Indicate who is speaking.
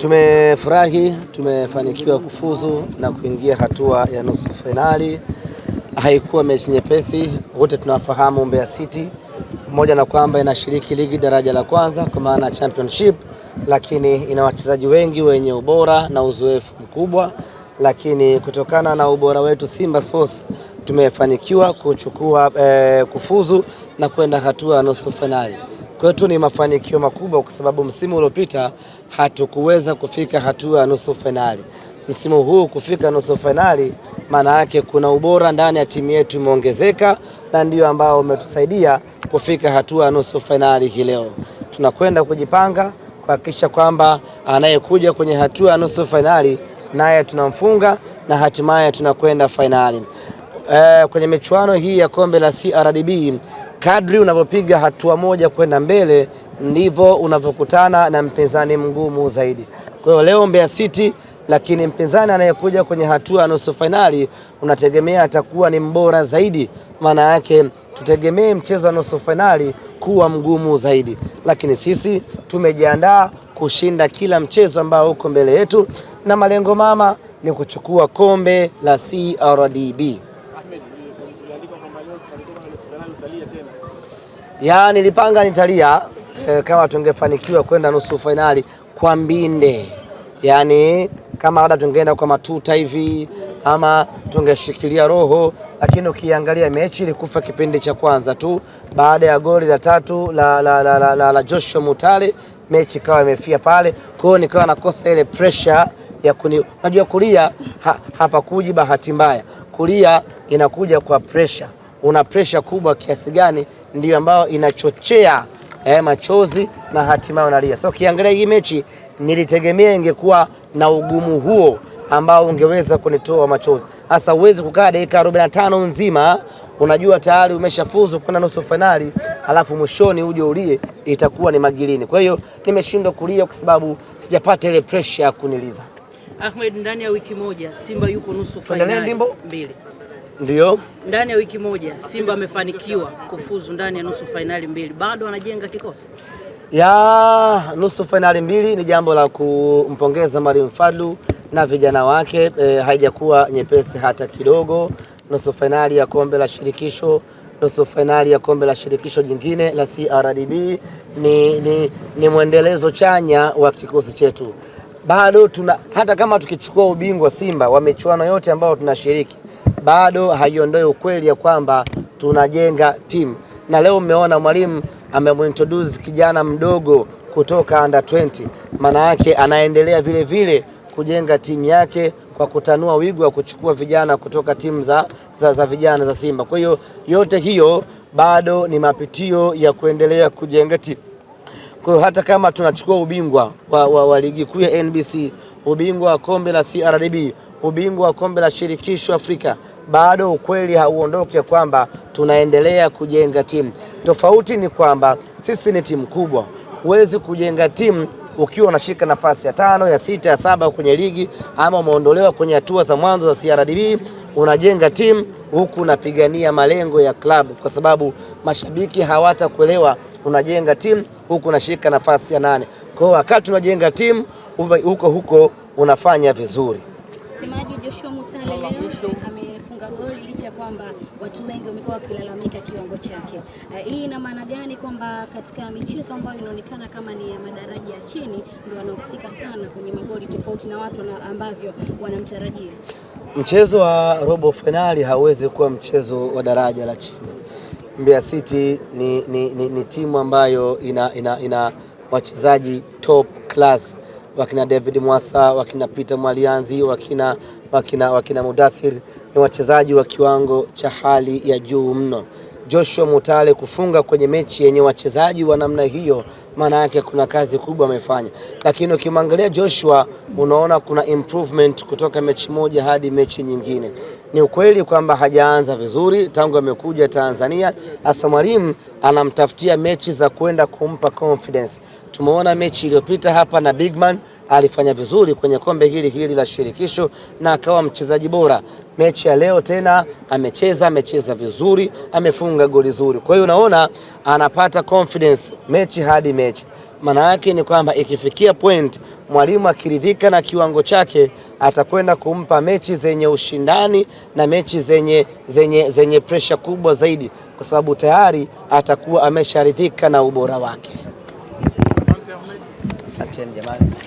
Speaker 1: Tumefurahi, tumefanikiwa kufuzu na kuingia hatua ya nusu fainali. Haikuwa mechi nyepesi, wote tunafahamu Mbeya City pamoja na kwamba inashiriki ligi daraja la kwanza kwa maana championship, lakini ina wachezaji wengi wenye ubora na uzoefu mkubwa, lakini kutokana na ubora wetu Simba Sports tumefanikiwa kuchukua eh, kufuzu na kwenda hatua ya nusu fainali. Kwa hiyo tu ni mafanikio makubwa, kwa sababu msimu uliopita hatukuweza kufika hatua ya nusu fainali. Msimu huu kufika nusu fainali, maana yake kuna ubora ndani ya timu yetu imeongezeka na ndio ambao umetusaidia kufika hatua ya nusu fainali hii leo. Tunakwenda kujipanga kuhakikisha kwamba anayekuja kwenye hatua ya nusu fainali naye tunamfunga na hatimaye tunakwenda fainali. E, eh, kwenye michuano hii ya kombe la CRDB kadri unavyopiga hatua moja kwenda mbele ndivyo unavyokutana na mpinzani mgumu zaidi. Kwa hiyo leo Mbeya City, lakini mpinzani anayekuja kwenye hatua ya nusu fainali unategemea atakuwa ni mbora zaidi. Maana yake tutegemee mchezo wa nusu fainali kuwa mgumu zaidi, lakini sisi tumejiandaa kushinda kila mchezo ambao uko mbele yetu, na malengo mama ni kuchukua kombe la CRDB. ya nilipanga nitalia e, kama tungefanikiwa kwenda nusu fainali kwa mbinde, yaani kama labda tungeenda kwa matuta hivi ama tungeshikilia roho, lakini ukiangalia mechi ilikufa kipindi cha kwanza tu baada ya goli la tatu la, la, la, la, la, la Joshua Mutale, mechi ikawa imefia pale. Kwa hiyo nikawa nakosa ile pressure ya kuni, najua kulia ha, hapakuji bahati mbaya, kulia inakuja kwa pressure una presha kubwa kiasi gani, ndio ambayo inachochea eh, machozi na hatimaye unalia. So ukiangalia hii mechi nilitegemea ingekuwa na ugumu huo ambao ungeweza kunitoa machozi. Hasa uwezi kukaa dakika 45 nzima, unajua tayari umeshafuzu kwenda nusu fainali, alafu mwishoni uje ulie, itakuwa ni magilini. Kwa hiyo nimeshindwa kulia kwa sababu sijapata ile pressure ya kuniliza.
Speaker 2: Ahmed, ndani ya wiki moja Simba yuko nusu fainali mbili. Ndio. Ndani ya wiki moja Simba amefanikiwa kufuzu ndani ya nusu fainali mbili, bado anajenga kikosi
Speaker 1: ya nusu fainali mbili. Ni jambo la kumpongeza Mwalimu Fadlu na vijana wake e, haijakuwa nyepesi hata kidogo. Nusu fainali ya kombe la shirikisho, nusu fainali ya kombe la shirikisho jingine la CRDB ni, ni, ni mwendelezo chanya wa kikosi chetu. Bado tuna hata kama tukichukua ubingwa Simba wa michuano yote ambayo tunashiriki bado haiondoi ukweli ya kwamba tunajenga timu, na leo mmeona mwalimu amemuintroduce kijana mdogo kutoka under 20, maana yake anaendelea vile vile kujenga timu yake kwa kutanua wigo wa kuchukua vijana kutoka timu za, za, za vijana za Simba. Kwa hiyo yote hiyo bado ni mapitio ya kuendelea kujenga timu. Kwa hiyo hata kama tunachukua ubingwa wa, wa, wa ligi kuu ya NBC, ubingwa wa kombe la CRDB ubingwa wa kombe la shirikisho Afrika, bado ukweli hauondoki ya kwamba tunaendelea kujenga timu. Tofauti ni kwamba sisi ni timu kubwa, huwezi kujenga timu ukiwa unashika nafasi ya tano ya sita ya saba kwenye ligi ama umeondolewa kwenye hatua za mwanzo za CRDB. Unajenga timu huku unapigania malengo ya klabu, kwa sababu mashabiki hawatakuelewa unajenga timu huku unashika nafasi ya nane. Kwa hiyo wakati unajenga timu huko huko unafanya vizuri.
Speaker 3: Msemaji Joshua Mutale leo amefunga goli licha ya kwamba watu wengi wamekuwa wakilalamika kiwango chake. Ah, hii ina maana gani? Kwamba katika michezo ambayo inaonekana kama ni ya madaraja ya chini ndio wanahusika sana kwenye magoli tofauti na watu na ambavyo wanamtarajia.
Speaker 1: Mchezo wa robo fainali hauwezi kuwa mchezo wa daraja la chini. Mbeya City ni, ni, ni, ni timu ambayo ina, ina, ina wachezaji top class wakina David Mwasa, wakina Peter Mwalianzi, wakina, wakina, wakina Mudathir ni wachezaji wa kiwango cha hali ya juu mno. Joshua Mutale kufunga kwenye mechi yenye wachezaji wa namna hiyo, maana yake kuna kazi kubwa amefanya. Lakini ukimwangalia Joshua, unaona kuna improvement kutoka mechi moja hadi mechi nyingine. Ni ukweli kwamba hajaanza vizuri tangu amekuja Tanzania. Hasa mwalimu anamtafutia mechi za kwenda kumpa confidence. Tumeona mechi iliyopita hapa na Bigman alifanya vizuri kwenye kombe hili hili la shirikisho na akawa mchezaji bora. Mechi ya leo tena amecheza, amecheza vizuri, amefunga goli zuri. Kwa hiyo unaona anapata confidence mechi hadi mechi. Maana yake ni kwamba ikifikia point mwalimu akiridhika na kiwango chake atakwenda kumpa mechi zenye ushindani na mechi zenye, zenye, zenye pressure kubwa zaidi, kwa sababu tayari atakuwa amesharidhika na ubora wake. Asante jamani.